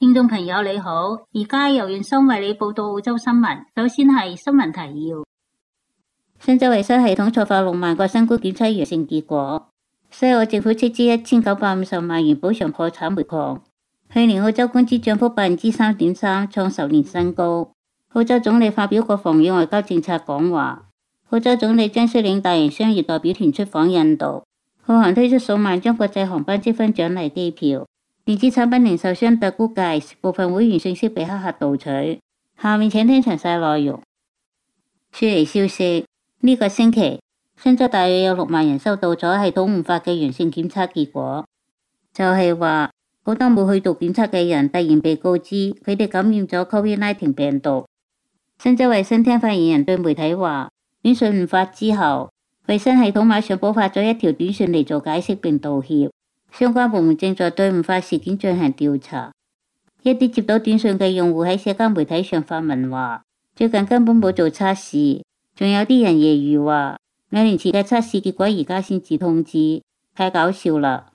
聽眾朋友你好，而家由原生為你報道澳洲新聞。首先係新聞提要：新州衛生系統錯發六萬個新冠檢測陽性結果；西澳政府斥資一千九百五十萬元補償破產煤礦；去年澳洲工資漲幅百分之三點三，創十年新高；澳洲總理發表國防與外交政策講話；澳洲總理將率領大型商業代表團出訪印度；澳航推出數萬張國際航班積分獎勵機票。電子產品零售商特估計部分會員信息被黑客盜取。下面請聽詳細內容。雪兒消息：呢、這個星期，新州大約有六萬人收到咗系統誤發嘅陽性檢測結果，就係話好多冇去做檢測嘅人突然被告知佢哋感染咗 COVID-19 病毒。新州衛生廳發言人對媒體話：短信誤發之後，衛生系統馬上補發咗一條短信嚟做解釋並道歉。相關部門正在對誤發事件進行調查。一啲接到短信嘅用戶喺社交媒體上發文話：最近根本冇做測試。仲有啲人揶揄話，兩年前嘅測試結果而家先至通知，太搞笑啦！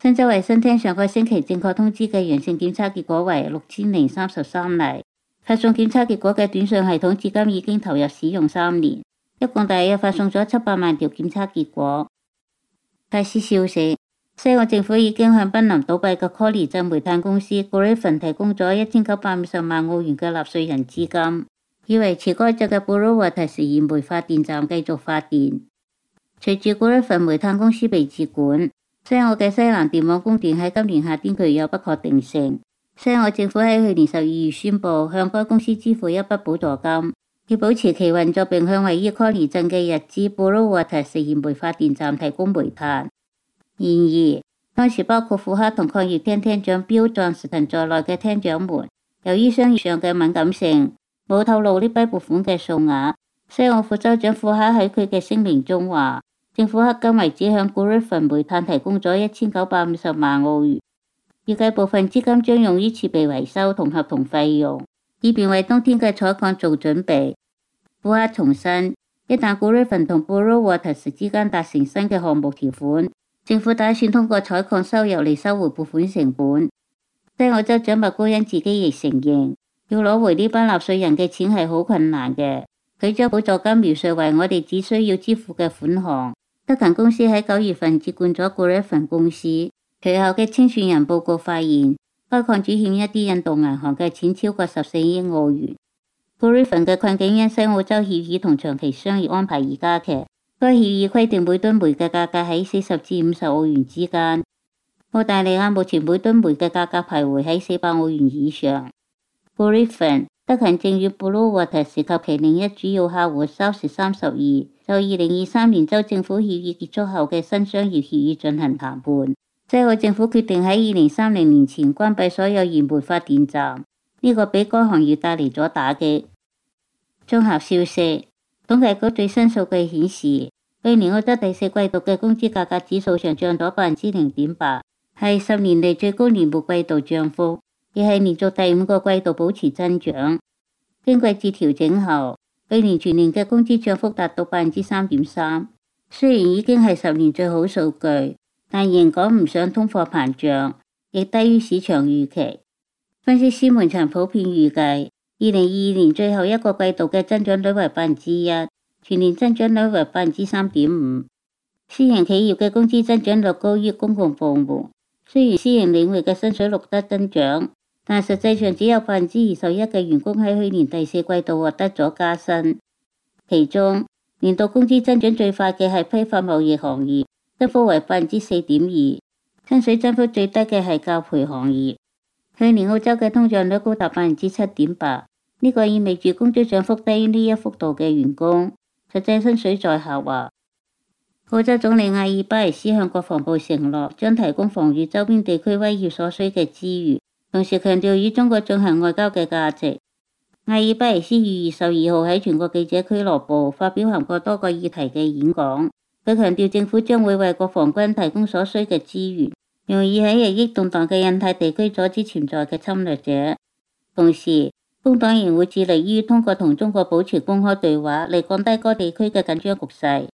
新州衛生廳上個星期正確通知嘅陽性檢測結果為六千零三十三例。發送檢測結果嘅短信系統至今已經投入使用三年，一共大約發送咗七百萬條檢測結果，大師笑死！西澳政府已經向瀕臨倒閉嘅科利鎮煤炭公司 Griffin 提供咗一千九百五十萬澳元嘅納稅人資金，以維持該鎮嘅布羅沃特實驗煤發電站繼續發電。隨住 Griffin 煤炭公司被接管，西澳嘅西南電網供電喺今年夏天具有不確定性。西澳政府喺去年十二月宣佈向該公司支付一筆補助金，要保持其運作，並向位於科利鎮嘅日資布羅沃特實驗煤發電站提供煤炭。然而，當時包括庫克同礦業廳廳長標狀石騰在內嘅廳長們，由於商業上嘅敏感性，冇透露呢筆撥款嘅數額。西澳副州長庫克喺佢嘅聲明中話：政府迄今為止向 Griffin 煤炭提供咗一千九百五十萬澳元，預計部分資金將用於設備維修同合同費用，以便為冬天嘅採礦做準備。庫克重申，一旦 Griffin 同 Bluewaters 之間達成新嘅項目條款。政府打算通過採礦收入嚟收回撥款成本。西澳洲長麥高恩自己亦承認，要攞回呢班納稅人嘅錢係好困難嘅。佢將補助金描述為我哋只需要支付嘅款項。德勤公司喺九月份接管咗 Griffin 公司，隨後嘅清算人報告發現，該礦主欠一啲印度銀行嘅錢超過十四億澳元。Griffin 嘅困境因西澳洲協議同長期商業安排而加劇。該協議規定每噸煤嘅價格喺四十至五十澳元之間。澳大利亞目前每噸煤嘅價格徘徊喺四百澳元以上。Bullivant 德勤正與 Bluewaters 及其另一主要客戶 South32 就二零二三年州政府協議結束後嘅新商業協議進行談判。西澳政府決定喺二零三零年前關閉所有燃煤發電站，呢個俾該行業帶嚟咗打擊。綜合消息，統計局最新數據顯示。去年澳洲第四季度嘅工資價格指數上漲咗百分之零點八，係十年嚟，最高年末季度漲幅，亦係連續第五個季度保持增長。經季節調整後，去年全年嘅工資漲幅達到百分之三點三，雖然已經係十年最好數據，但仍趕唔上通貨膨脹，亦低於市場預期。分析師們曾普遍預計，二零二二年最後一個季度嘅增長率為百分之一。全年增長率為百分之三點五，私營企業嘅工資增長率高於公共部門。雖然私營領域嘅薪水錄得增長，但實際上只有百分之二十一嘅員工喺去年第四季度獲得咗加薪。其中，年度工資增長最快嘅係批發貿易行業，增幅為百分之四點二。薪水增幅最低嘅係教培行業。去年澳洲嘅通脹率高達百分之七點八，呢個意味住工資漲幅低於呢一幅度嘅員工，實際薪水在下滑。澳洲總理艾爾巴尼斯向國防部承諾，將提供防御周邊地區威脅所需嘅資源，同時強調與中國進行外交嘅價值。艾爾巴尼斯於二十二號喺全國記者俱樂部發表涵蓋多個議題嘅演講，佢強調政府將會為國防軍提供所需嘅資源，用以喺日益動蕩嘅印太地區阻止潛在嘅侵略者。同時，工黨仍會致力於通過同中國保持公開對話，嚟降低該地區嘅緊張局勢。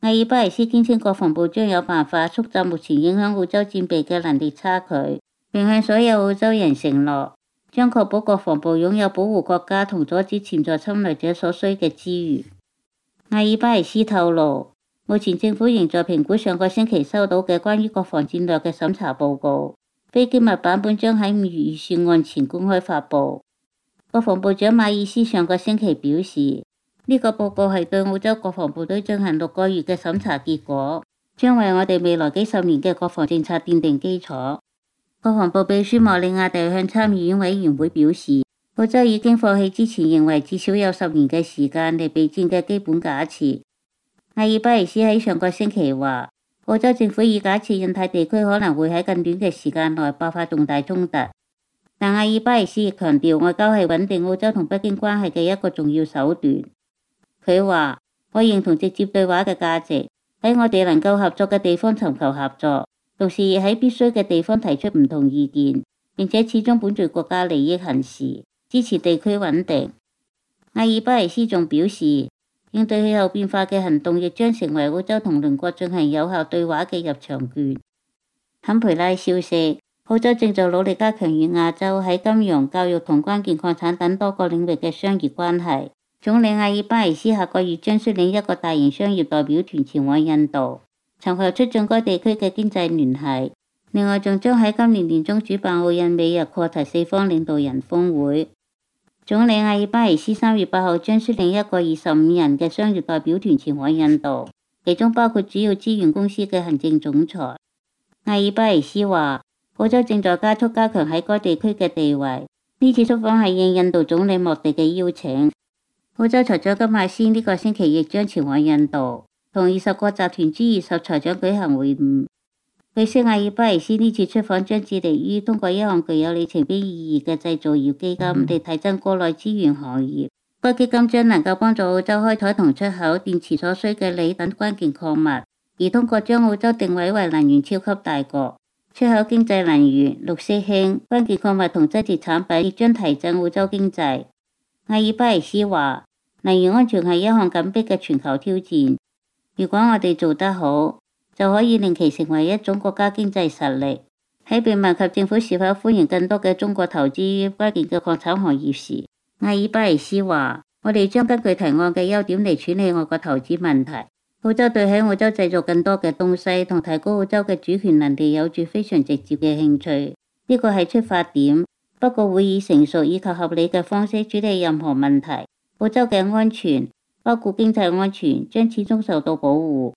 艾爾巴尼斯堅稱，國防部將有辦法縮窄目前影響澳洲戰備嘅能力差距，並向所有澳洲人承諾，將確保國防部擁有保護國家同阻止潛在侵略者所需嘅資源。艾爾巴尼斯透露，目前政府仍在評估上個星期收到嘅關於國防戰略嘅審查報告。非機密版本將喺五月預算案前公開發佈。國防部長馬爾斯上個星期表示，呢、這個報告係對澳洲國防部隊進行六個月嘅審查，結果將為我哋未來幾十年嘅國防政策奠定，定基礎。國防部秘書莫里亞蒂向參議院委員會表示，澳洲已經放棄之前認為至少有十年嘅時間嚟備戰嘅基本假設。阿爾巴尼斯喺上個星期話，澳洲政府以假設印太地區可能會喺更短嘅時間內爆發重大衝突。但艾爾巴尼斯亦強調，外交係穩定澳洲同北京關係嘅一個重要手段。佢話：我認同直接對話嘅價值，喺我哋能夠合作嘅地方尋求合作，同時喺必須嘅地方提出唔同意見，並且始終本住國家利益行事，支持地區穩定。艾爾巴尼斯仲表示，應對氣候變化嘅行動亦將成為澳洲同鄰國進行有效對話嘅入場券。坎培拉消息。澳洲正在努力加強與亞洲喺金融、教育同關鍵礦產等多個領域嘅商業關係。總理艾爾巴尼斯下個月將率領一個大型商業代表團前往印度，尋求促進該地區嘅經濟聯繫。另外，仲將喺今年年中主辦澳印美日擴大四方領導人峰會。總理艾爾巴尼斯三月八號將率領一個二十五人嘅商業代表團前往印度，其中包括主要資源公司嘅行政總裁。艾爾巴尼斯話。澳洲正在加速加強喺該地區嘅地位。呢次出訪係應印度總理莫迪嘅邀請，澳洲財長金艾斯呢個星期亦將前往印度，同二十國集團之二十財長舉行會晤。據悉，艾爾巴尼斯呢次出訪將致力於通過一項具有里程碑意義嘅製造業基金，嚟提振國內資源行業。該基金將能夠幫助澳洲開採同出口電池所需嘅鋰等關鍵礦物，而通過將澳洲定位為能源超級大國。出口經濟能源綠色興，關鍵礦物同質地產品亦將提振澳洲經濟。艾爾巴尼斯話：能源安全係一項緊迫嘅全球挑戰。如果我哋做得好，就可以令其成為一種國家經濟實力。喺被問及政府是否歡迎更多嘅中國投資於關鍵嘅礦產行業時，艾爾巴尼斯話：我哋將根據提案嘅優點嚟處理外國投資問題。澳洲對喺澳洲製造更多嘅東西同提高澳洲嘅主權能力有住非常直接嘅興趣，呢個係出發點。不過會以成熟以及合理嘅方式處理任何問題。澳洲嘅安全，包括經濟安全，將始終受到保護。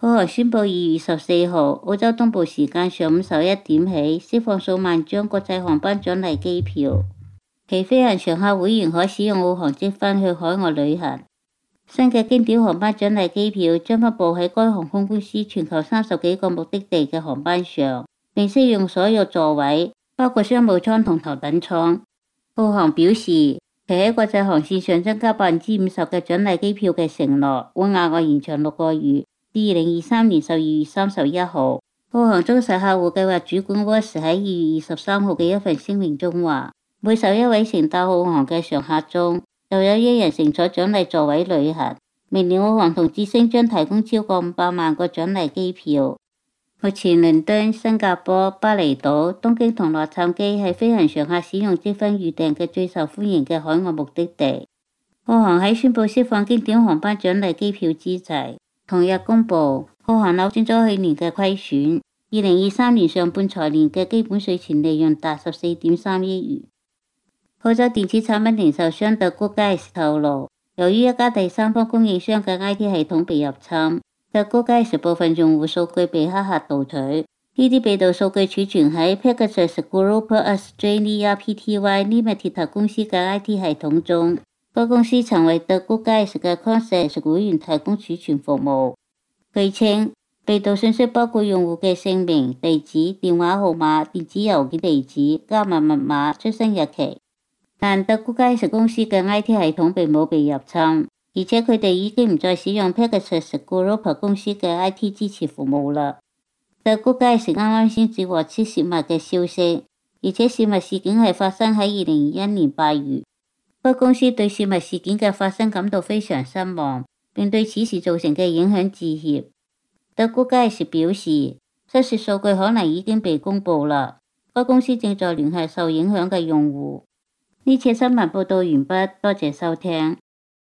澳航宣布二月十四號澳洲東部時間上午十一點起，釋放數萬張國際航班獎勵機票，其飛行常客會員可使用澳航積分去海外旅行。新嘅經典航班獎勵機票將發布喺該航空公司全球三十幾個目的地嘅航班上，並適用所有座位，包括商務艙同頭等艙。澳航表示，其喺國際航線上增加百分之五十嘅獎勵機票嘅承諾，會額外延長六個月至二零二三年十二月三十一號。澳航忠實客戶計劃主管 Wes 喺二月二十三號嘅一份聲明中話：每受一位乘搭澳航嘅常客中。就有一人乘坐獎勵座位旅行。明年，澳航同捷星將提供超過五百萬個獎勵機票。目前，倫敦、新加坡、巴厘島、東京同洛杉磯係飛行常客使用積分預訂嘅最受歡迎嘅海外目的地。澳航喺宣布釋放經典航班獎勵機票之際，同日公佈澳航扭轉咗去年嘅虧損，二零二三年上半財年嘅基本稅前利潤達十四點三億元。澳洲電子產品零售商 The Good Guys 透露，由於一家第三方供應商嘅 I T 系統被入侵，The Good Guys 部分用戶數據被黑客盜取。呢啲被盜數據儲存喺 Pegasus Group Australia Pty Limited 公司嘅 I T 系統中，該公司曾為 The Good Guys 嘅 Concierge 會員提供儲存服務。據稱，被盜信息包括用戶嘅姓名、地址、電話號碼、電子郵件地址、加密密碼、出生日期。但德古加士公司嘅 I T 系統並冇被入侵，而且佢哋已經唔再使用 Pegasus Group 公司嘅 I T 支持服務啦。德古加士啱啱先至獲知泄密嘅消息，而且泄密事件係發生喺二零二一年八月。該公司對泄密事件嘅發生感到非常失望，並對此事造成嘅影響致歉。德古加士表示，失竊數據可能已經被公布啦，該公司正在聯繫受影響嘅用戶。呢次新聞報道完畢，多謝收聽。